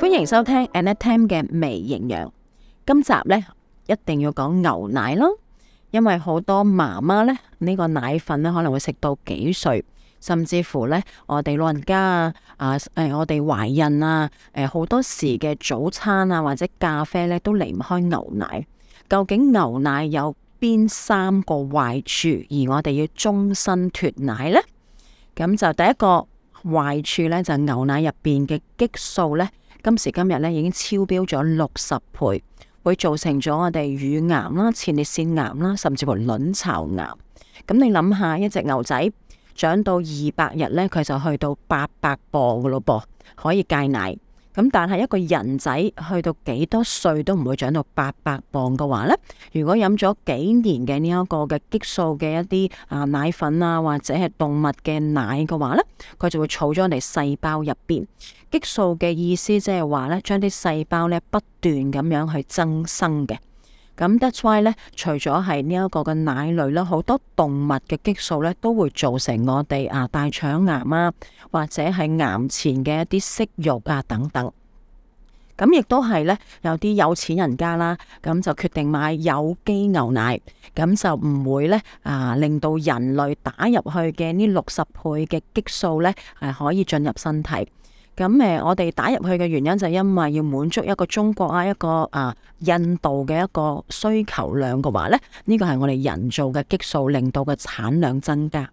歡迎收聽《Annette Tam 嘅微營養》。今集呢，一定要講牛奶咯，因為好多媽媽呢，呢、這個奶粉呢可能會食到幾歲，甚至乎呢，我哋老人家啊，啊、哎、誒，我哋懷孕啊，誒、啊，好多時嘅早餐啊或者咖啡呢，都離唔開牛奶。究竟牛奶有邊三個壞處，而我哋要終身脫奶呢？咁就第一個壞處呢，就是，牛奶入邊嘅激素呢。今時今日咧，已經超標咗六十倍，會造成咗我哋乳癌啦、前列腺癌啦，甚至乎卵巢癌。咁你諗下，一隻牛仔長到二百日咧，佢就去到八百磅噶咯噃，可以戒奶。咁但係一個人仔去到幾多歲都唔會長到八百磅嘅話咧，如果飲咗幾年嘅呢一個嘅激素嘅一啲啊奶粉啊或者係動物嘅奶嘅話咧，佢就會儲咗嚟細胞入邊。激素嘅意思即係話咧，將啲細胞咧不斷咁樣去增生嘅。咁 that's why 咧，除咗係呢一個嘅奶類啦，好多動物嘅激素咧，都會造成我哋啊大腸癌啊，或者係癌前嘅一啲息肉啊等等。咁亦都係咧，有啲有錢人家啦，咁就決定買有機牛奶，咁就唔會咧啊，令到人類打入去嘅呢六十倍嘅激素咧，係可以進入身體。咁誒、嗯，我哋打入去嘅原因就係因為要滿足一個中國啊，一個啊印度嘅一個需求量嘅話咧，呢、這個係我哋人造嘅激素令到嘅產量增加。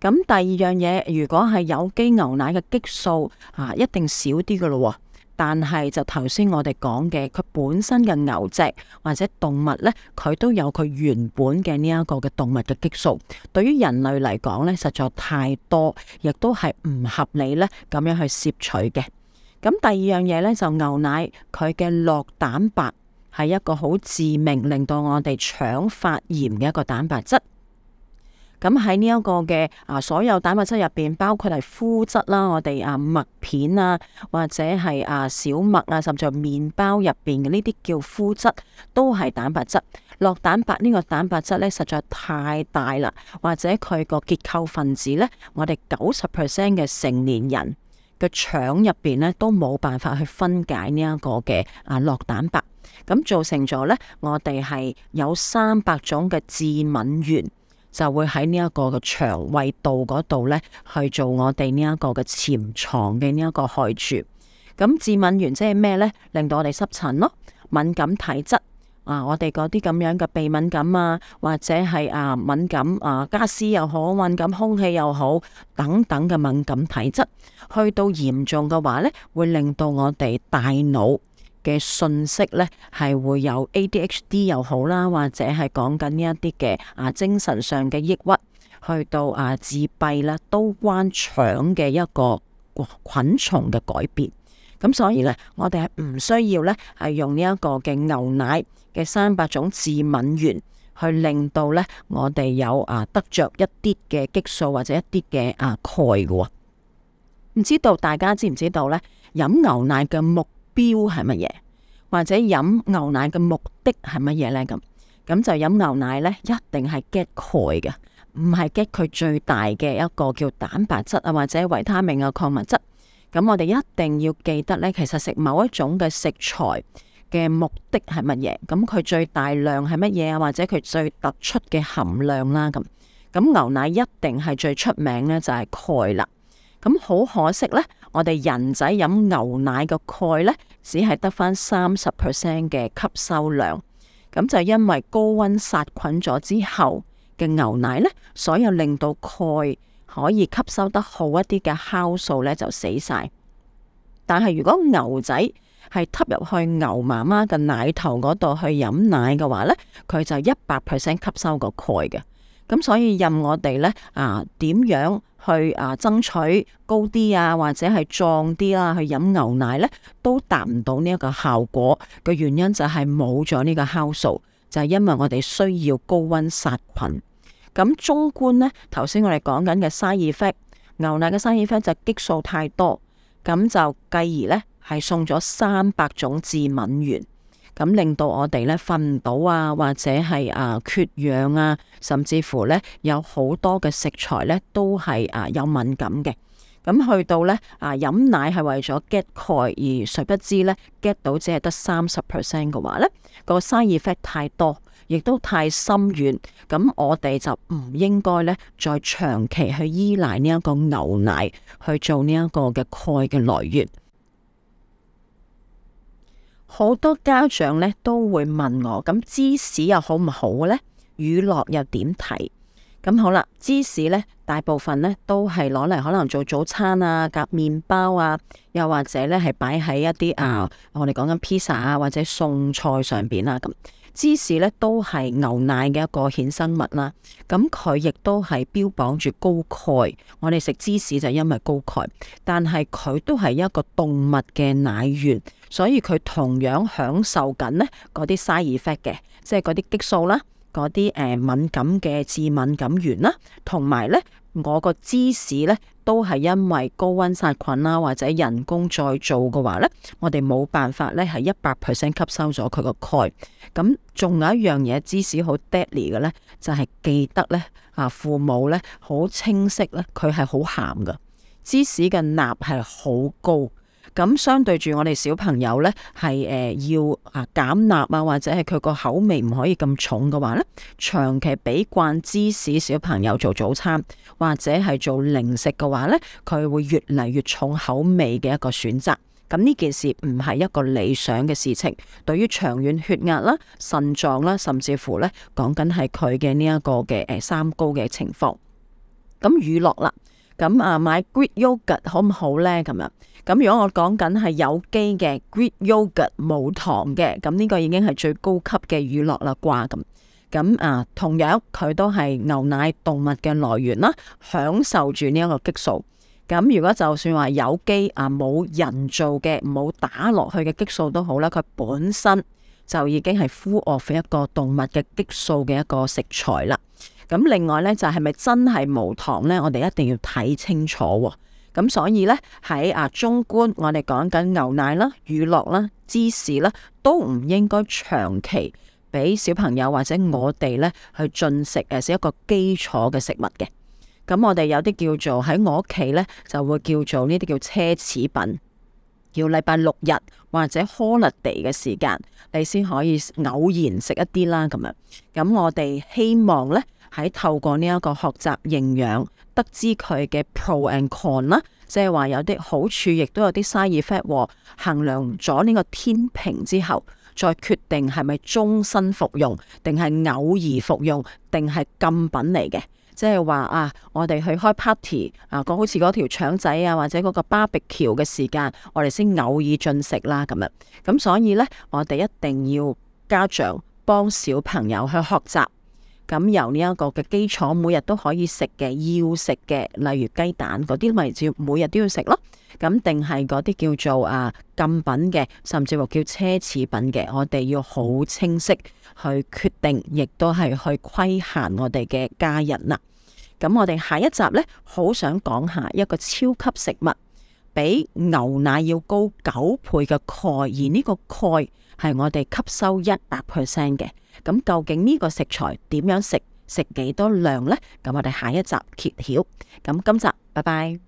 咁、嗯、第二樣嘢，如果係有機牛奶嘅激素啊，一定少啲嘅咯。但係就頭先我哋講嘅，佢本身嘅牛隻或者動物呢，佢都有佢原本嘅呢一個嘅動物嘅激素，對於人類嚟講呢，實在太多，亦都係唔合理呢，咁樣去攝取嘅。咁第二樣嘢呢，就牛奶佢嘅酪蛋白係一個好致命，令到我哋腸發炎嘅一個蛋白質。咁喺呢一個嘅啊，所有蛋白質入邊，包括係麩質啦，我哋啊麥片啊，或者係啊小麥啊，甚至係麵包入邊嘅呢啲叫麩質，都係蛋白質。酪蛋白呢個蛋白質咧，實在太大啦，或者佢個結構分子咧，我哋九十 percent 嘅成年人嘅腸入邊咧，都冇辦法去分解呢一個嘅啊酪蛋白，咁造成咗咧，我哋係有三百種嘅致敏原，就會喺呢一個嘅腸胃道嗰度咧，去做我哋呢一個嘅潛藏嘅呢一個害處。咁致敏源即係咩呢？令到我哋濕疹咯，敏感體質啊，我哋嗰啲咁樣嘅鼻敏感啊，或者係啊敏感啊家私又好，敏感空氣又好，等等嘅敏感體質，去到嚴重嘅話呢，會令到我哋大腦嘅信息咧，係會有 ADHD 又好啦，或者係講緊呢一啲嘅啊精神上嘅抑鬱，去到啊自閉啦，都關腸嘅一個菌菌蟲嘅改變。咁所以咧，我哋係唔需要咧，係用呢一個嘅牛奶嘅三百種致敏原去令到咧，我哋有啊得着一啲嘅激素或者一啲嘅啊鈣嘅。唔知道大家知唔知道咧？飲牛奶嘅目。標係乜嘢，或者飲牛奶嘅目的係乜嘢呢？咁咁就飲牛奶呢，一定係 get 鈣嘅，唔係 get 佢最大嘅一個叫蛋白質啊，或者維他命嘅礦物質。咁我哋一定要記得呢，其實食某一種嘅食材嘅目的係乜嘢？咁佢最大量係乜嘢啊？或者佢最突出嘅含量啦？咁咁牛奶一定係最出名呢，就係鈣啦。咁好可惜呢，我哋人仔飲牛奶嘅鈣呢，只係得返三十 percent 嘅吸收量。咁就因為高溫殺菌咗之後嘅牛奶呢，所有令到鈣可以吸收得好一啲嘅酵素呢，就死晒。但係如果牛仔係吸入去牛媽媽嘅奶頭嗰度去飲奶嘅話呢，佢就一百 percent 吸收個鈣嘅。咁所以任我哋咧啊，點樣去啊爭取高啲啊，或者係壯啲啦，去飲牛奶咧，都達唔到呢一個效果嘅原因就係冇咗呢個酵素，就係、是、因為我哋需要高溫殺菌。咁中觀咧，頭先我哋講緊嘅 side effect，牛奶嘅 side effect 就激素太多，咁就繼而咧係送咗三百種致敏原。咁令到我哋咧瞓唔到啊，或者係啊缺氧啊，甚至乎咧有好多嘅食材咧都係啊有敏感嘅。咁去到咧啊飲奶係為咗 get 鈣，而誰不知咧 get 到只係得三十 percent 嘅話咧，個 side effect 太多，亦都太深遠。咁我哋就唔應該咧再長期去依賴呢一個牛奶去做呢一個嘅鈣嘅來源。好多家長咧都會問我，咁芝士又好唔好呢？乳酪又點睇？咁好啦，芝士呢大部分咧都係攞嚟可能做早餐啊，夾麵包啊，又或者咧係擺喺一啲啊，我哋講緊披薩啊或者餸菜上邊啊。咁芝士呢都係牛奶嘅一個衍生物啦，啊。咁佢亦都係標榜住高鈣，我哋食芝士就因為高鈣，但係佢都係一個動物嘅奶源。所以佢同樣享受緊呢嗰啲 side effect 嘅，即係啲激素啦，嗰啲誒敏感嘅致敏感源啦，同埋呢，我個芝士呢都係因為高溫殺菌啦或者人工再做嘅話呢，我哋冇辦法呢係一百 percent 吸收咗佢個鈣。咁仲有一樣嘢芝士好 deadly 嘅呢，就係、是、記得呢啊父母呢好清晰呢佢係好鹹嘅，芝士嘅鈉係好高。咁相對住我哋小朋友呢，係誒、呃、要啊減鈉啊，或者係佢個口味唔可以咁重嘅話咧，長期俾慣芝士小朋友做早餐或者係做零食嘅話呢，佢會越嚟越重口味嘅一個選擇。咁、嗯、呢件事唔係一個理想嘅事情，對於長遠血壓啦、腎臟啦，甚至乎呢講緊係佢嘅呢一個嘅誒三高嘅情況。咁雨落啦。咁啊、嗯，買 Greek yoghurt 好唔好呢？咁啊，咁如果我講緊係有機嘅 Greek yoghurt 冇糖嘅，咁、這、呢個已經係最高級嘅乳酪啦，啩，咁、嗯。咁、嗯、啊，同樣佢都係牛奶動物嘅來源啦，享受住呢一個激素。咁、嗯、如果就算話有機啊，冇人造嘅，冇打落去嘅激素都好啦，佢本身就已經係 full of 一個動物嘅激素嘅一個食材啦。咁另外咧，就係、是、咪真係無糖咧？我哋一定要睇清楚喎、哦。咁所以咧，喺啊中觀，我哋講緊牛奶啦、乳酪啦、芝士啦，都唔應該長期俾小朋友或者我哋咧去進食，誒，係一個基礎嘅食物嘅。咁我哋有啲叫做喺我屋企咧，就會叫做呢啲叫奢侈品，要禮拜六日或者 holiday 嘅時間，你先可以偶然食一啲啦。咁樣，咁我哋希望咧。喺透過呢一個學習營養，得知佢嘅 pro and con 啦，即係話有啲好處，亦都有啲 side effect。衡量咗呢個天平之後，再決定係咪終身服用，定係偶爾服用，定係禁品嚟嘅。即係話啊，我哋去開 party 啊，講好似嗰條腸仔啊，或者嗰個 barbecue 嘅時間，我哋先偶爾進食啦咁樣。咁所以呢，我哋一定要家長幫小朋友去學習。咁由呢一個嘅基礎，每日都可以食嘅，要食嘅，例如雞蛋嗰啲，咪要每日都要食咯。咁定係嗰啲叫做啊禁品嘅，甚至乎叫奢侈品嘅，我哋要好清晰去決定，亦都係去規限我哋嘅家人啦。咁我哋下一集呢，好想講下一個超級食物，比牛奶要高九倍嘅鈣，而呢個鈣。係我哋吸收一百 percent 嘅，咁究竟呢個食材點樣食？食幾多量咧？咁我哋下一集揭曉。咁今集，拜拜。